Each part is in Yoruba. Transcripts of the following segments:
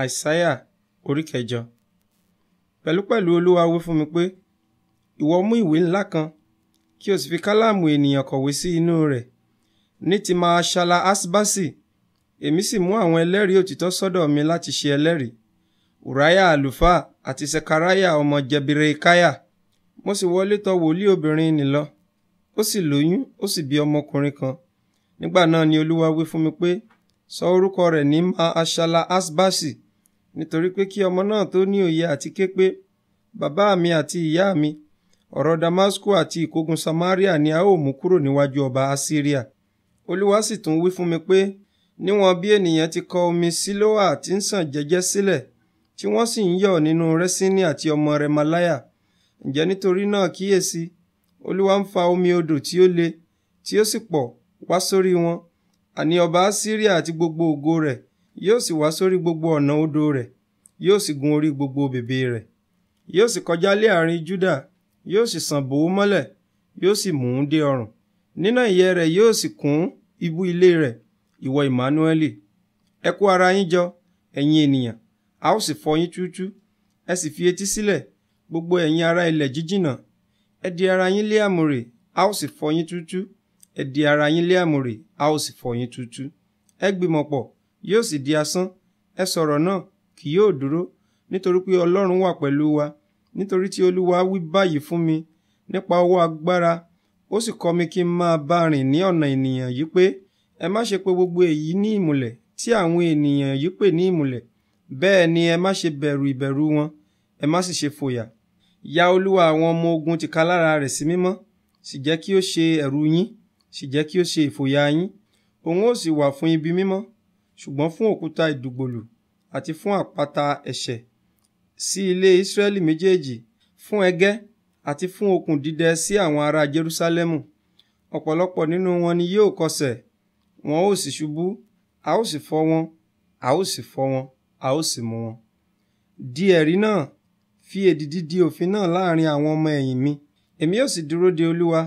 àìsáyà orí kẹjọ pẹ̀lúpẹ̀lú olúwa wí fún mi pé ìwọ mú ìwé ńlá kan kí o sì fi kálámù ènìyàn kọ̀wé sí inú rẹ̀ ní ti Maṣala Aṣbasi èmi sì mú àwọn ẹlẹ́rìí òtítọ́ sọ́dọ̀ mi láti ṣe ẹlẹ́rìí Ùráyà àlùfáà àti Sekaráyà ọmọ Jẹbirekáyà mo sì wọlé tọ̀ wòlíì obìnrin nì ó sì lóyún ó sì bí ọmọkùnrin kan nígbà náà ni olúwa wí fún mi pé sọ orúkọ rẹ̀ ní maashala asbasi nítorí pé kí ọmọ náà tó ní òye àti ké pé bàbá mi àti ìyá mi ọ̀rọ̀ damasku àti ìkógun samaria ni a ó mú kúrò níwájú ọba asiria olúwa sì tún wí fún mi pé níwọ̀n bí ènìyàn ti kọ omi sílóà tí ń sàn jẹ́jẹ́ sílẹ̀ tí wọ́n sì ń yọ̀ nínú rẹ́síní àti ọmọ rẹmaláyà ǹjẹ́ nítorí náà kíyèsí olúwa ń fa omi odò tí ó le tí ó sì pọ̀ wá sórí wọn àní ọba Asiria àti gbogbo ògo rẹ̀ yóò sì wá sórí gbogbo ọ̀nà odò rẹ̀ yóò sì gun orí gbogbo bèbè rẹ̀ yóò sì kọjá lé àárín Júdà yóò sì sàn bò ó mọ́lẹ̀ yóò sì mú un dé ọrùn nínà ìyẹ́ rẹ̀ yóò sì kún ibú ilé rẹ̀ ìwọ Ìmánúẹ́lì ẹ kó ara yín jọ ẹ̀yin ènìyàn a ó sì fọ́ yín túútú ẹ sì fi etí sílẹ̀ gbogbo ẹ̀yin ará ilẹ̀ jíjìnà ẹ di ara yín lé àmùrè a ó sì fọ́ yín túútú ẹ di ara yín lé àmùrè a ó sì fọ̀ yín tútú ẹ gbìmọ̀ pọ̀ yóò sì di asán ẹ sọ̀rọ̀ náà kì yóò dúró nítorí pé ọlọ́run wà pẹ̀lú wa nítorí tí olúwa wí báyìí fún mi nípa ọwọ́ agbára ó sì kọ́ mi kí n máa bá rìn ní ọ̀nà ènìyàn yìí pé ẹ má ṣe pè gbogbo èyí ní ìmùlẹ̀ tí àwọn ènìyàn yìí pè ní ìmùlẹ̀ bẹ́ẹ̀ ni ẹ má ṣe bẹ̀rù ìbẹ̀rù wọn ẹ má sì ṣe fòyà ya olúwa àwọn ọmọ ogun tìkálára rẹ̀ sí mímọ́ sì jẹ́ kí ó ṣe ẹ̀rù yín sì jẹ́ kí ó ṣe ìfòyà yín òun ó sì wà fún ibi mímọ́ ṣùgbọ́n fún òkúta ìdùgbòlù àti fún àpáta ẹ̀ṣẹ̀ sí ilé Ísírẹ́lì méjèèjì fún ẹgẹ́ àti fún okùn dídẹ sí àwọn ará Jerúsálẹ́mù ọ̀pọ̀lọpọ̀ nínú wọn ni yóò kọsẹ̀ wọn ó sì ṣubú a ó sì fọ́ wọn a ó sì fọ́ wọn a ó sì mú wọn. di ẹ̀rí náà fi èdìdì di òfin náà láàrin àwọn ọmọ ẹ̀yìn mi èmi yóò sì dúró de Olúwa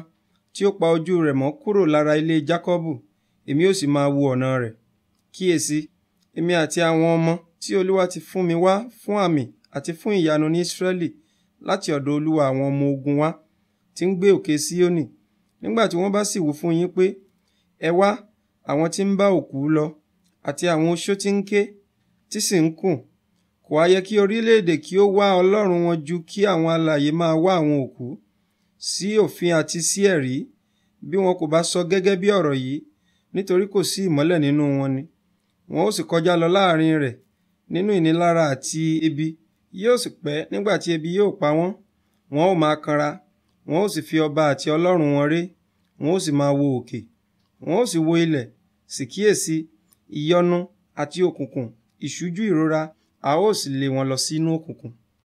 tí ó pa ojú rẹ̀ mọ́ kúrò lára ilé Jákọ́bù èmi ó sì máa wo ọ̀nà rẹ̀ kíyèsí èmi àti àwọn ọmọ tí Olúwa ti fún mi wá fún àmì àti fún ìyanu ní Ísírẹ́lì láti ọ̀dọ̀ Olúwa àwọn ọmọ ogun wa tí ń gbé òkè Síónì nígbà tí wọ́n bá sì wí fún yín pé ẹ wá àwọn tí ń bá òkú lọ àti àwọn oṣó tí ń ké tí sì ń kùn kò á yẹ kí orílẹ̀-èdè kí ó wá Ọlọ́run wọn ju kí àwọn alààyè máa wá àwọn òkú sí òfin àti sí ẹ̀rí bí wọn kò bá sọ gẹ́gẹ́ bí ọ̀rọ̀ yìí nítorí kò sí ìmọ́lẹ̀ nínú wọn ni wọn ó sì kọjá lọ láàrin rẹ̀ nínú ìnilára àti ebi yóò sì pẹ́ nígbà tí ebi yóò pa wọ́n wọn ó máa kanra wọn ó sì fi ọba àti ọlọ́run wọn ré wọn ó sì máa wo òkè wọn ó sì wo ilẹ̀ sì kíyèsí ìyọnu àti òkùnkùn ìṣújú ìrora a ó sì lé wọn lọ sínú òkùnkùn.